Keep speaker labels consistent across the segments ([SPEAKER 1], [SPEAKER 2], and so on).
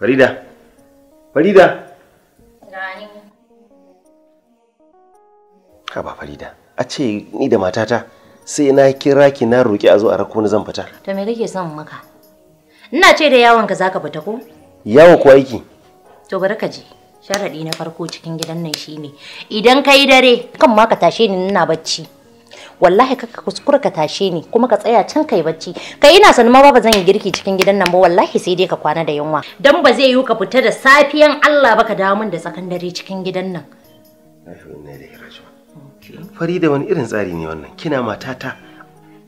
[SPEAKER 1] Farida. Farida. ba Farida, a ce ni da matata sai na kira ki na roki a zo a rako ni zan fita.
[SPEAKER 2] To me kake son maka? Ina ce da yawon ka zaka fita ko?
[SPEAKER 1] Yawo ko aiki?
[SPEAKER 2] To bari ka je. Sharaɗi na farko cikin gidan nan shine idan ka dare kan ma ka tashe ni ina bacci. Wallahi ka kuskura ka tashe ni kuma ka tsaya can kai bacci. Kai ina sanin ma ba zan yi girki cikin gidan nan ba wallahi sai dai ka kwana da yunwa. Dan ba zai yiwu ka fita da safiyan Allah baka dawo min da tsakan dare cikin gidan nan.
[SPEAKER 1] fari da wani irin tsari ne wannan kina matata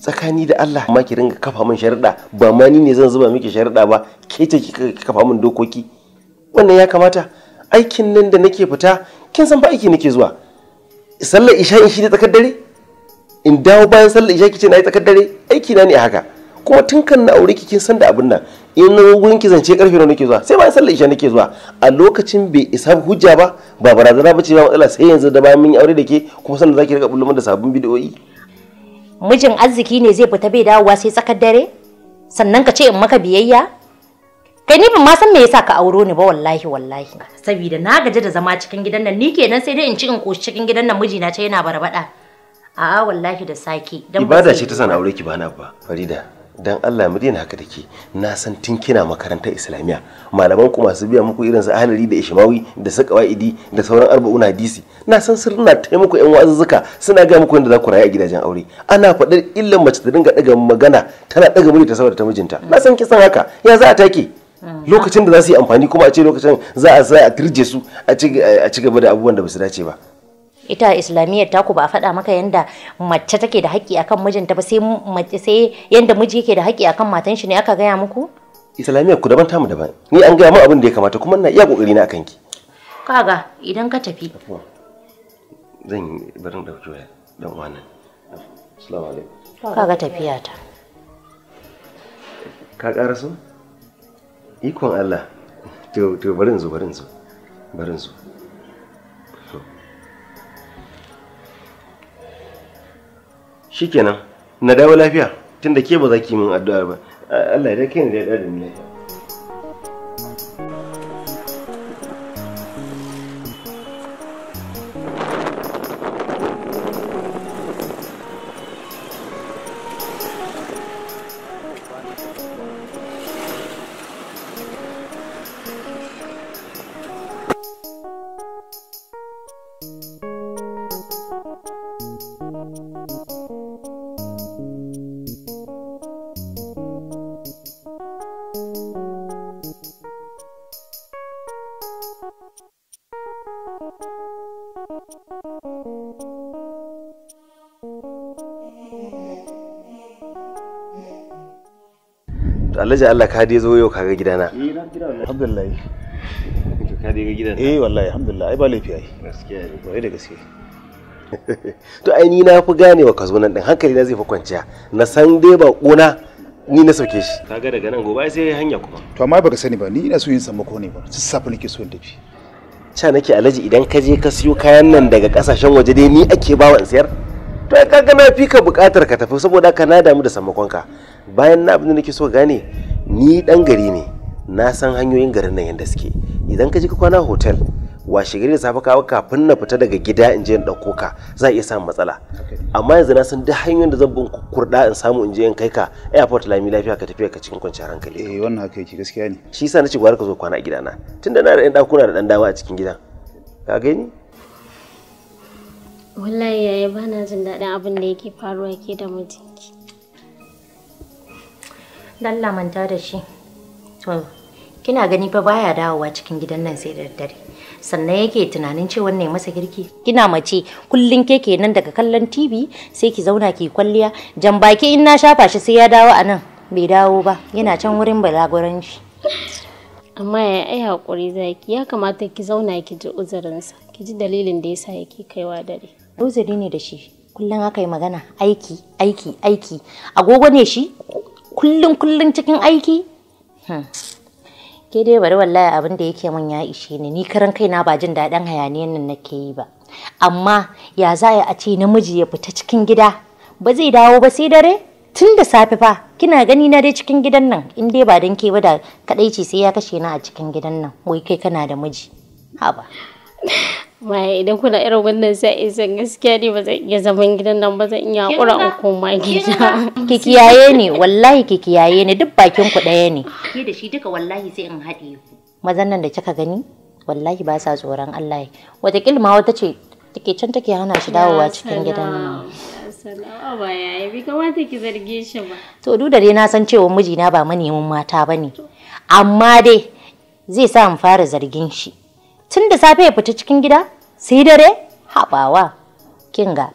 [SPEAKER 1] tsakani da Allah ma ki ringa kafa min sharuɗa ba ma ni ne zan zuba miki sharuɗa ba ke ce ki kafa min dokoki wannan ya kamata aikin nan da nake fita kin san ba aiki nake zuwa sallar isha in shi ne tsakar dare in dawo bayan sallar isha kice na yi tsakar dare aiki na ne haka ko tun kan na aure kin san da abin nan in wurin ki zance karfe nawa nake zuwa sai bayan sallar isha nake zuwa a lokacin bai isa hujja ba ba barazana ba ce ba matsala sai yanzu da bayan mun yi aure da ke kuma sannan zaki rika bullumin da sabbin bidiyoyi
[SPEAKER 2] mijin arziki ne zai fita bai dawowa sai tsakar dare sannan ka ce in maka biyayya kai ni ban ma san me yasa ka auro ni ba wallahi wallahi saboda na gaji da zama cikin gidan nan ni kenan sai dai in ci in koshi cikin gidan nan mijina ce yana barbada a'a wallahi da saki dan ibada ce ta sana
[SPEAKER 1] aure ki ba na ba farida dan Allah mu daina haka dake na san tun kina makarantar islamiyya malaman ku masu biya muku irin su ahlali da ishmawi da su qawaidi da sauran arba'un hadisi na san sirrin na taya muku yan wazuzzuka suna ga muku inda za ku rayu a gidajen aure ana faɗar illan mace ta dinga daga magana tana daga muni ta saboda ta mijinta na san kisan haka ya za a take lokacin da za su yi amfani kuma a ce lokacin za a sa a kirje su a ci gaba da abubuwan da ba su dace ba
[SPEAKER 2] ita islamiyyar taku ba a faɗa maka yanda mace take da haƙƙi akan mijinta ba sai mace sai yanda miji yake da haƙƙi akan matan shi ne aka gaya muku
[SPEAKER 1] islamiyyar ku daban tamu daban ni an gaya mu abin da ya kamata kuma ina iya kokari na akan ki
[SPEAKER 2] kaga idan ka tafi
[SPEAKER 1] zan barin da waya dan uwanan assalamu alaikum
[SPEAKER 2] kaga tafiya ta
[SPEAKER 1] ka ƙara su ikon Allah to to barin zo barin zo barin zo shikenan na dawo lafiya tunda ke ba za ki min addu'a ba Allah ya kai ni da da ni lafiya Alhaji Allah ka dai zo yau kaga gidana.
[SPEAKER 3] Eh na gida wallahi. Alhamdulillah. Ka dai ga gidana. Eh wallahi alhamdulillah ai ba laifi ai. Gaskiya ne. Wai da gaskiya
[SPEAKER 1] To ai ni na fi ganewa ka zo nan din hankali na zai fi kwanciya. Na san dai ba kona ni na sauke shi. Kaga daga nan gobe sai hanya kuma. To amma baka sani ba ni ina so yin sammako ne ba. sissafa nake so in tafi. ca nake alaji idan ka je ka siyo kayan nan daga kasashen waje dai ni ake bawa in sayar to ai kaga na fi ka bukatar ka tafi saboda ka na damu da samakon ka bayan na abin da nake so gane ni dan gari ne na san hanyoyin garin nan yanda suke idan ka je ka kwana hotel washe gari da safe kawo kafin na fita daga gida in je in ɗauko ka za iya samun matsala amma yanzu na san duk hanyoyin da zan bin kurɗa in samu in je in kai ka airport lami lafiya ka tafiya ka cikin kwanciyar hankali eh wannan haka yake gaskiya ne shi yasa nace gwara ka zo kwana a gida na tunda na da ɗan ɗakuna da ɗan dama a cikin gidan ka gani
[SPEAKER 4] wallahi yaya bana jin daɗin abin da yake faruwa ke da mijinki
[SPEAKER 2] dan lamanta da shi to Kina gani fa baya dawowa cikin gidan nan sai da daddare. Sannan yake tunanin cewa ne masa girki. Kina mace kullun ke nan daga kallon TV sai ki zauna ki kwalliya. Jan baki in na shafa shi sai ya dawo a nan. Bai dawo ba. Yana can wurin balaguran shi.
[SPEAKER 4] Amma ya ai hakuri zaki ya kamata ki zauna ki ji uzurinsa. Ki ji dalilin da yasa yake kaiwa dare.
[SPEAKER 2] Uzuri ne da shi. Kullun aka yi magana aiki aiki aiki. Agogo ne shi? Kullun kullun cikin aiki? Hmm. ke dai bari wallahi abin da yake mun ya ishe ni ni karan kaina ba jin daɗin hayaniyan nan nake yi ba amma ya za a ce namiji ya fita cikin gida ba zai dawo ba sai dare tun da safe fa kina gani na dai cikin gidan nan in dai ba dan ke ba da kadaici sai ya kashe na a cikin gidan nan wai kai kana da miji
[SPEAKER 4] haba waye idan kuna irin wannan sa'in gaskiya ne ba zan iya zaman gidan nan ba zan iya hakura in koma gida
[SPEAKER 2] ki kiyaye ne wallahi ki kiyaye ne duk bakin ku ɗaya ne
[SPEAKER 4] ke da shi duka wallahi sai in haɗe ku
[SPEAKER 2] mazan nan da kika gani wallahi ba sa tsoron Allah wata ma wata ce take can take hana shi dawowa cikin gidan nan
[SPEAKER 4] ba yayi bi kamata ki zarge shi ba
[SPEAKER 2] to duk da dai na san cewa mijina ba manemin mata bane amma dai zai sa in fara zargin shi tun da safe ya fita cikin gida sai dare haɓawa kinga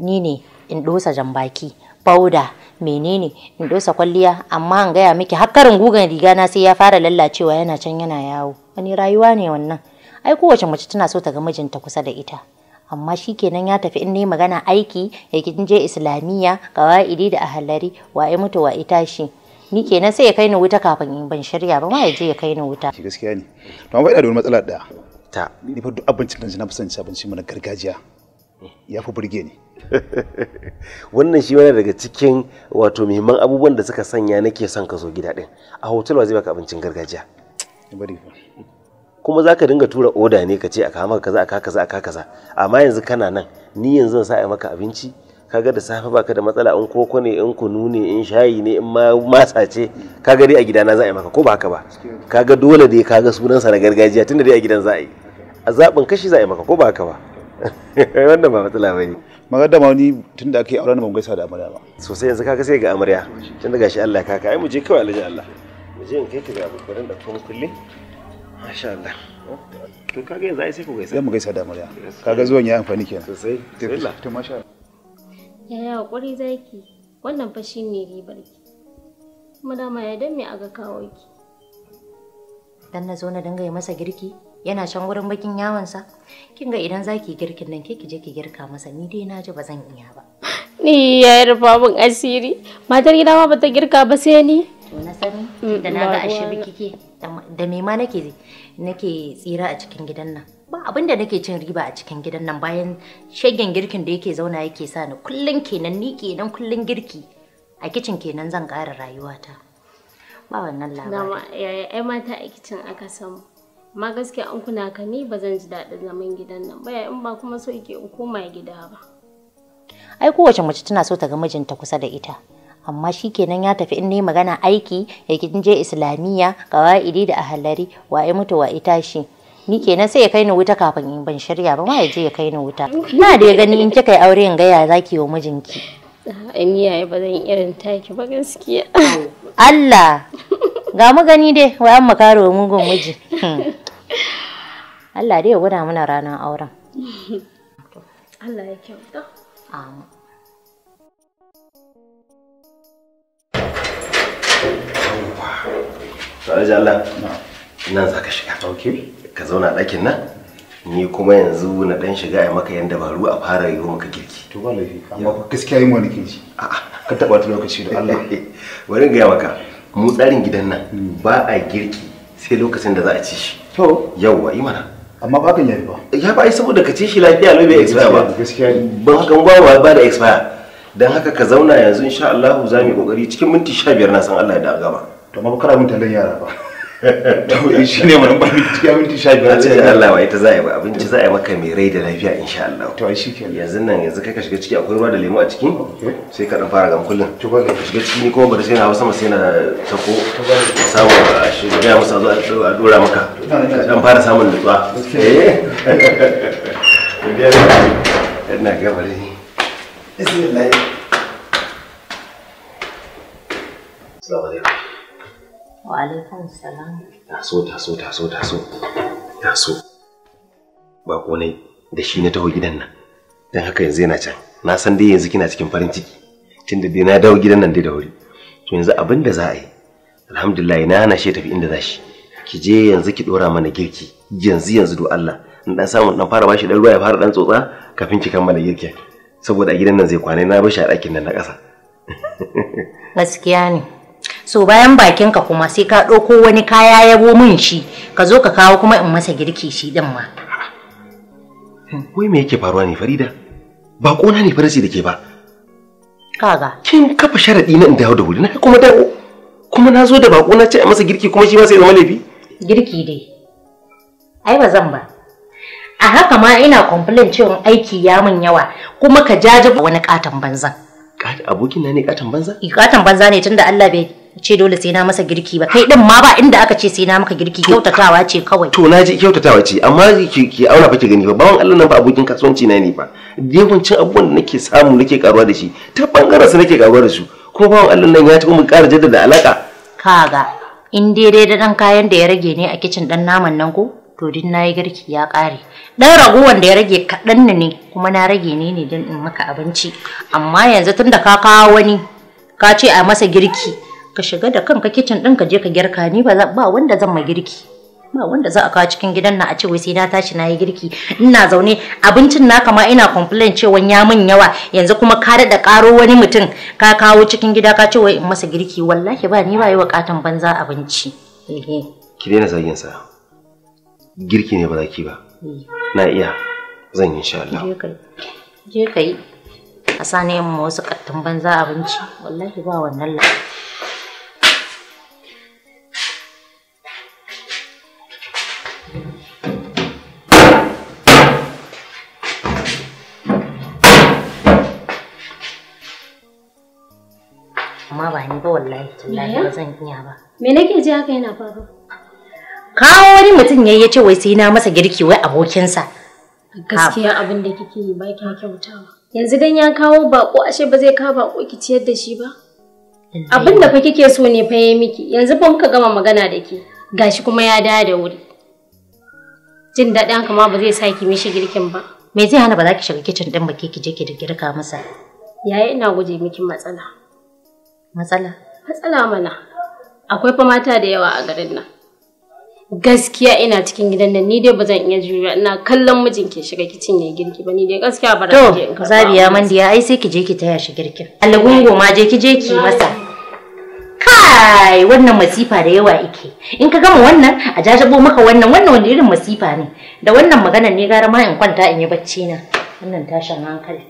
[SPEAKER 2] ni ne in dosa jambaki Bauda. menene in dosa kwalliya amma an gaya miki hakkarin gugan riga na sai ya fara lallacewa yana can yana yawo wani rayuwa ne wannan ai kowace mace tana so ta ga mijinta kusa da ita amma shi kenan ya tafi in ne magana aiki ya je islamiyya ga wa'idi da ahalari waye mutu ita shi? ni kenan sai ya kai ni wuta kafin in ban shirya ba ma ya je ya kai ni wuta gaskiya ne
[SPEAKER 3] to an faɗa da wani matsala daya ta ni fa duk abincin da na fi abinci mana gargajiya ya fi burge ni wannan shi wani daga cikin
[SPEAKER 1] wato muhimman abubuwan da suka sanya nake son ka zo gida din a hotel wa zai baka abincin gargajiya kuma za ka dinga tura oda ne ka ce a kama kaza a kaza a kaza amma yanzu kana nan ni yanzu zan sa maka abinci kaga da safe baka da matsala in koko ne in kunu ne in shayi ne in ma masa ce kaga dai a gidana za a yi maka ko ba haka ba kaga dole dai kaga sunansa na gargajiya tunda dai a gidan za a yi a zaɓin kashi za a yi maka ko ba haka ba wannan ba matsala ba ne magar da mauni tunda aka yi auren ban gaisa da amarya ba sosai yanzu kaga sai ga amarya tunda gashi Allah kaka ai mu je kawai alaji Allah mu je in kai ka ga bukurin da kuma
[SPEAKER 3] kulli masha Allah to kaga yanzu ai sai ku gaisa mu gaisa da amarya kaga zuwan ya amfani kenan sosai to masha Allah
[SPEAKER 4] yaya hakuri zaki wannan fa ne ribar ki kuma dama ya dan me aga kawo ki
[SPEAKER 2] dan na zo na dinga yi masa girki yana can wurin bakin yawansa kin ga idan zaki girkin nan ke ki je ki girka masa ni dai na ji ba zan iya ba
[SPEAKER 4] ni rufa babun asiri matar gida ma bata girka ba sai ni to
[SPEAKER 2] na sani mm, da na ga ashe biki da me ma nake nake tsira a cikin gidan nan ba abin da nake cin riba a cikin gidan nan bayan shagen girkin da yake zauna yake sa ni kullun kenan ni kenan kullun girki a kicin kenan zan ƙara rayuwata ba wannan labari
[SPEAKER 4] yaya ai mata a kicin aka samu ma gaskiya an kuna ka ni ba zan ji daɗin zaman gidan nan ba in ba kuma so yake in koma gida ba
[SPEAKER 2] ai kowace mace tana so ta ga mijinta kusa da ita amma shi kenan ya tafi in ne magana aiki ya je islamiyya kawa'idi da ahalari ya mutu wa tashi ni kenan sai ya kai ni wuta kafin in ban shirya ba ma ya je ya kai ni wuta na da ya gani in kika yi aure in gaya yi wa mijinki
[SPEAKER 4] in yaya ba zan irin taki ba gaskiya
[SPEAKER 2] Allah ga mu gani dai wa an makaro mugun miji hmm. Allah dai ya gwada mana ranar auren
[SPEAKER 4] Allah ya kyauta amin to alhaji
[SPEAKER 1] Allah nan za ka shiga ka zauna ɗakin nan ni kuma yanzu na ɗan shiga a maka yan dabaru a fara yi maka girki to ba laifi amma gaskiya yin wani kirki a'a ka taɓa ta lokaci da Allah wani gaya maka mu tsarin gidan nan hmm. ba a girki sai lokacin da za a ci shi to yawwa yi mana
[SPEAKER 3] amma ba kan yayi
[SPEAKER 1] ba ya ba ai saboda ka ci shi lafiya lo bai expire ba gaskiya ban haka ba ba da expire dan haka ka zauna yanzu insha Allah za mu yi kokari cikin minti 15 na san Allah ya da gaba to ma ba kana mun tallan yara ba to shi ne wani bani ya minti sha biyar ce Allah wai ta za a yi ba abinci za a yi maka mai rai da lafiya insha Allah to ai shikenan yanzu nan yanzu kai ka shiga ciki akwai ruwa da lemu a ciki sai ka dan fara gam kullun to ba ka shiga ciki ni kuma ba sai na hawa sama sai na tako samu a shi ga musa zo a dora
[SPEAKER 3] maka ka dan fara samun nutsuwa eh
[SPEAKER 1] ina gaba ne
[SPEAKER 2] bismillah alaikum
[SPEAKER 1] Taso taso taso taso taso. Ba konai da shi na taho gidan nan. Don haka yanzu yana can. Na san dai yanzu kina cikin farin ciki. Tunda dai na dawo gidan nan dai da wuri. To yanzu abin da za a yi. Alhamdulillah na hana shi tafi inda za shi. Ki je yanzu ki dora mana girki. Yanzu yanzu do Allah. In dan samu dan fara bashi dan ruwa ya fara dan tsotsa kafin ki kammala girkin. Saboda a gidan nan zai kwana na bashi a ɗakin nan na ƙasa.
[SPEAKER 2] Gaskiya ne. so bayan bakin ka kuma sai ka ɗauko wani kaya yabo min shi ka zo ka kawo kuma in masa girki shi din ma
[SPEAKER 1] hmm, wai me yake faruwa ne farida ba kona ne farasi da ke ba
[SPEAKER 2] kaga kin kafa
[SPEAKER 1] sharadi na inda dawo da wuri na kuma da kuma na zo da baƙona ce a masa girki kuma shi ma sai zama laifi
[SPEAKER 2] girki dai ai ba zan ba a haka ma ina complain cewa aiki ya mun yawa kuma ka jaji wani katon banza
[SPEAKER 1] abokin na ne katon banza?
[SPEAKER 2] katon banza ne tunda Allah bai ce dole sai na masa girki ba kai din ma ba inda aka ce sai na maka girki kyautatawa ce kawai
[SPEAKER 1] to naji kyautatawa ce amma ki ki auna fa ki gani ba bawan Allah nan ba abokin kasuwanci na ne ba cin abubuwan da nake samu nake karuwa da shi ta bangaren su nake karuwa da su ko bawan Allah nan ya taɓa mun ƙara jaddada alaka
[SPEAKER 2] kaga in daidai da dan kayan da ya rage ne a kicin dan naman nan ko to din nayi girki ya ƙare dan ragowan da ya rage kaɗan ne kuma na rage ne ne don in maka abinci amma yanzu tunda ka kawo wani ka ce a masa girki ka shiga da kanka kicin ɗin ka je ka girka ni ba ba wanda zan ma girki ba wanda za a kawo cikin gidan na a ce wai sai na tashi na yi girki ina zaune abincin na kama ina complain cewa ya min yawa yanzu kuma ka da karo wani mutum ka kawo cikin gida ka ce wai in masa girki wallahi ba ni ba yi wakatan banza abinci
[SPEAKER 1] ki daina zagin sa girki ne ba za ki ba eh. na iya zan yi insha Allah
[SPEAKER 2] je kai a ne mu wasu kattun banza abinci wallahi ba wannan la ba ni ba wallahi tallahi ba zan iya ba
[SPEAKER 4] me nake ji haka yana faru
[SPEAKER 2] kawo wani mutum yayi yace wai sai na masa girki wai abokinsa gaskiya
[SPEAKER 4] abin da kike yi ba kya kyautawa yanzu dan ya kawo bako ashe ba zai kawo bako ki ciyar da shi ba abin da fa kike so ne fa yayi miki yanzu fa muka gama magana da ke gashi kuma ya dawo da wuri jin daɗin haka ma ba zai sa ki mishi girkin ba
[SPEAKER 2] me zai hana ba za ki shiga kicin din ba ke ki je ki girka masa
[SPEAKER 4] yaya ina guje miki matsala Matsala? Matsala mana. Akwai fa mata da yawa a garin nan. Gaskiya ina cikin gidan nan ni dai ba zan iya jura, ina kallon mijin ke shiga kicin ya girki ba ni dai gaskiya ba To, Zabiya
[SPEAKER 2] Mandiya ai sai ki je ki taya shi girkin. gungo ma je ki je ki masa. kai wannan masifa da yawa yake in ka gama wannan a jajabo maka wannan wannan wani irin masifa ne da wannan magana ne gara ma in kwanta in yi bacci na wannan tashin hankali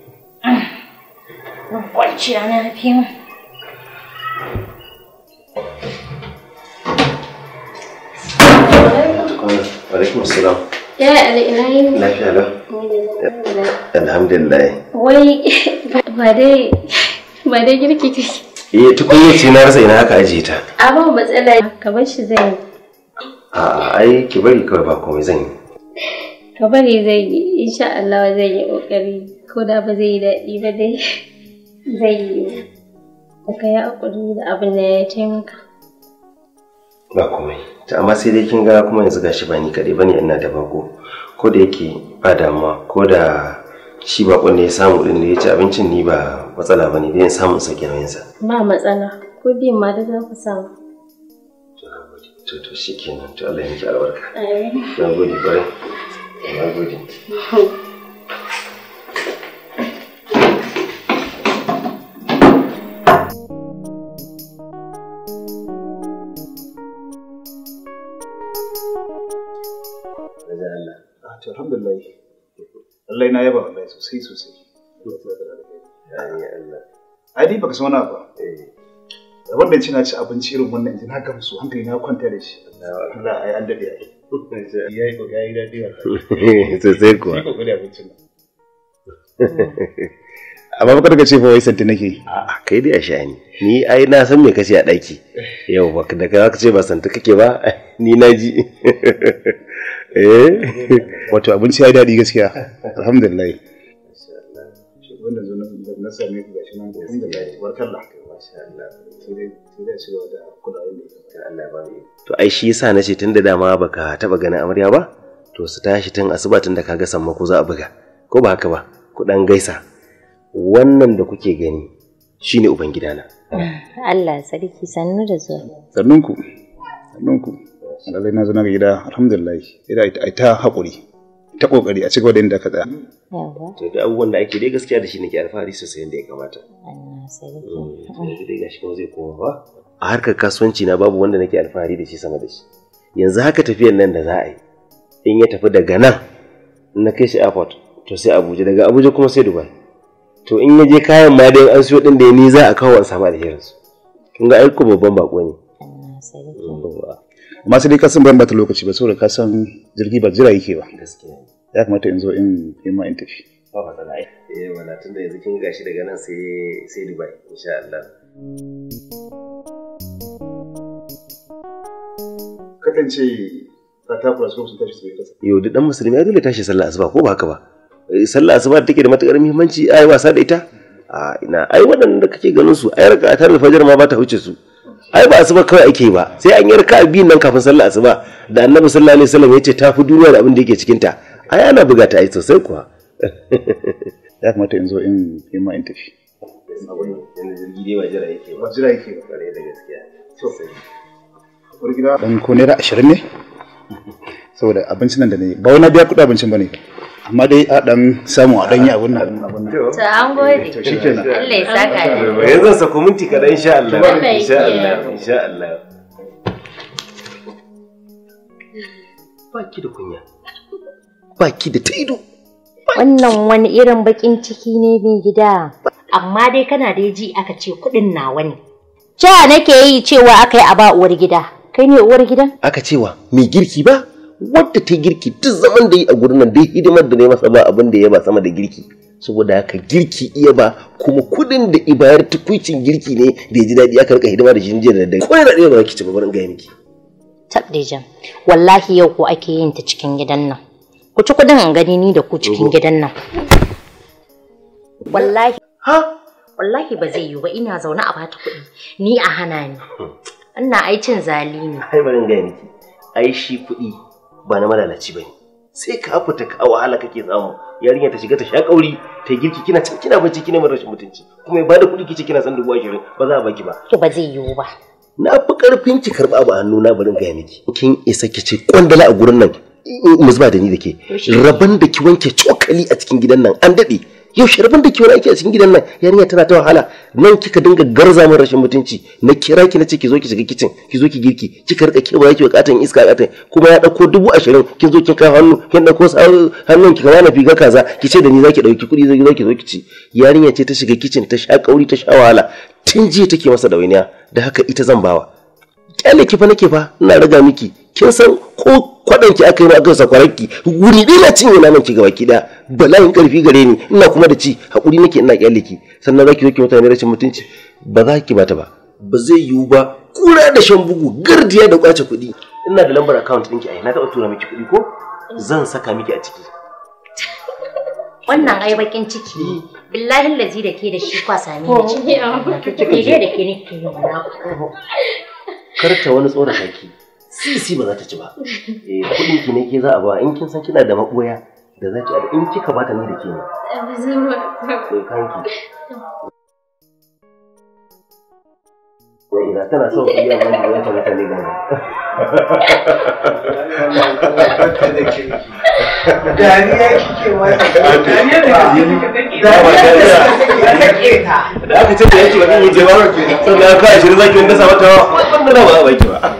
[SPEAKER 2] kwanciya na fi mu
[SPEAKER 3] alaikum salam
[SPEAKER 4] eh
[SPEAKER 1] tukunya na rasa ina haka ajiye ta
[SPEAKER 4] a ba matsala ka bar shi zai
[SPEAKER 1] a ai ki bari kawai zan yi
[SPEAKER 4] ka bari yi insha Allah zai yi kokari ko da ba yi daɗi ba dai yi da ka yi haƙuri da abin da ya taimaka.
[SPEAKER 1] Ba komai. Ta amma sai dai kin ga kuma yanzu gashi ba ni kaɗai bane ina da bako. Ko da yake ba damuwa ko da shi bakon ne ya samu ɗin da ya ci abincin ni ba matsala ba ne, dai yin samu sauƙi nauyinsa.
[SPEAKER 4] Ba matsala. Ko biyan ma da za ku samu. To to shi kenan to Allah ya miki albarka. Na gode kwarai. Na gode.
[SPEAKER 3] na yaba mai sosai sosai ai baka san ba eh. ba da wannan ci na ci abinci irin wannan ji na gamsu hankali na kwanta da shi Allah ai an dade ai yayi ko yayi dade wa sosai kuwa amma baka daga ce fa wai santi nake a'a kai dai a sha'ani
[SPEAKER 1] ni ai na san me kace a daki yau baka daga ka ce ba santi kake ba ni na ji
[SPEAKER 3] eh wato abinci ya daɗi gaskiya alhamdulillah na
[SPEAKER 1] to ai shi yasa nace tun da dama baka taba ganin amarya ba to su tashi tun asuba tun da kaga sammako za a buga ko ba haka ba ku dan gaisa wannan da kuke gani shine ubangidana
[SPEAKER 2] ah. Allah sarki sannu da zuwa
[SPEAKER 3] sannunku sannunku lallai na zama na gida alhamdulillah sai da ta haƙuri ta kokari a ci gaba da ka tsaya to da abubuwan da ake dai gaskiya da
[SPEAKER 1] shi nake alfahari sosai yadda ya kamata Allah sai mm, kuma zai koma ba a harkar kasuwanci na babu wanda nake alfahari da shi sama da shi yanzu haka tafiyan nan da za a yi in ya tafi daga nan na kai shi airport to sai Abuja daga Abuja kuma sai Dubai to in ya je kayan ma dai an siyo din da ni za a kawo an samu alherin
[SPEAKER 3] su kun ga aiko babban bako ne Allah sai mm, amma sai dai san ban bata lokaci ba saboda san jirgi ba jira yake ba ya kamata in zo in in ma in tafi
[SPEAKER 1] ba ba tsala eh wala yanzu kin daga nan sai sai Dubai insha Allah
[SPEAKER 3] ce ka takura sun tashi sai kasa
[SPEAKER 1] yo duk dan musulmi ya dole tashi sallah asuba ko ba haka ba eh, sallah asuba take da matukar muhimmanci ai wasa da ita a ah, ina ai waɗanda kake ganin su ai raka ta fajar ma ba ta wuce su ai ba asuba kawai ake ba sai an yi raka'a biyun nan kafin sallar asuba da annabi sallallahu alaihi wasallam yace tafi duniya da abin da yake cikin ta ai ana buga ta ai sosai kuwa
[SPEAKER 3] ya kamata in zo in in ma in tafi abin da jirgi dai jira yake ba jira yake ba kare da gaskiya to sai ko da 20 ne saboda abincin nan da ne ba wani biya kudi abincin bane amma dai a dan samu a dan yi abun nan to
[SPEAKER 4] an gode shikenan Allah ya saka da
[SPEAKER 1] yanzu
[SPEAKER 3] sa ka kadan insha Allah insha Allah insha Allah
[SPEAKER 2] baki da kunya baki da ta ido wannan wani irin bakin ciki ne mai gida amma dai kana da ji aka ce kudin nawa ne ja nake yi cewa aka yi a ba uwar gida kai ne uwar gidan
[SPEAKER 1] aka cewa mai girki ba wadda ta girki duk zaman da yi a gurin nan dai hidimar da ne masa ba abin da ya ba sama da girki saboda haka girki iya ba kuma kudin da ibayar tukuicin girki ne da ya ji daɗi aka rika hidima da shi da daga kwarai da ɗaya ba ki ci babban gaya miki.
[SPEAKER 2] tabdijan wallahi yau ko ake yin ta cikin gidan nan ku ci kudin an gani ni da ku cikin gidan nan wallahi ha wallahi ba zai yi ba ina zaune a bata kuɗi ni a hana ni ina hmm. aicin zali ne ai barin gaya
[SPEAKER 1] miki ai shi kuɗi ba na malalaci ba ne sai ka fita ka wahala kake samu yarinya ta shiga ta sha kauri ta girki kina can kina bacci kina rashin mutunci kuma ba bada kuɗi kike kina san dubu ashirin ba za a baki
[SPEAKER 2] ba ki ba zai yiwu ba
[SPEAKER 1] na fi karfin ki karɓa ba hannu na barin gaya miki kin isa ki ce kwandala a gurin nan mu zuba da ni da ke rabon da ki wanke cokali a cikin gidan nan an daɗe yau sharafin da ke wani aiki a cikin gidan nan yarinya tana ta wahala nan kika dinga garza min rashin mutunci na kira ki na ce ki zo ki shiga kicin ki zo ki girki kika rika kewa ki bukatan iska katan kuma ya dauko dubu ashirin ki zo ki kai hannu kin dauko hannun ki kamar fi ga kaza ki ce da ni zaki dauki kuɗi ki zo ki zo ki ci yarinya ce ta shiga kicin ta sha kauri ta sha wahala tun jiya take masa dawainiya da haka ita zan bawa kyale ki fa nake fa ina raga miki kin san ko ki aka yi ba aka sakwararki wuri ɗaya na cinye nan ki baki ɗaya bala'in karfi gare ni ina kuma da ci hakuri nake ina kyalle ki sannan zaki zo ki mutane rashin mutunci ba za ki bata ba ba zai yiwu ba kura da shan bugu gardiya da kwace kuɗi ina da lambar account ɗinki a na taɓa tura miki kuɗi ko zan saka miki a ciki
[SPEAKER 2] wannan ai bakin ciki ne billahi lazi da ke da shi kwa sami ne ciki ke da ke ke yi
[SPEAKER 1] kar ta wani tsoron shaki si ba za ta ci ba eh kuɗin ki ne ke za a ba in kin san kina da maboya da za ki in kika bata ni da ke ne
[SPEAKER 4] eh thank
[SPEAKER 1] ya ina tana so ku yi wani da ya kamata ne gani dariya kike
[SPEAKER 3] mata dariya
[SPEAKER 1] da kike
[SPEAKER 3] dariya da kike ta
[SPEAKER 1] da aka ce da yake wani mu je ba sannan ka shirin zaki wanda sa mata wannan ba ba ki ba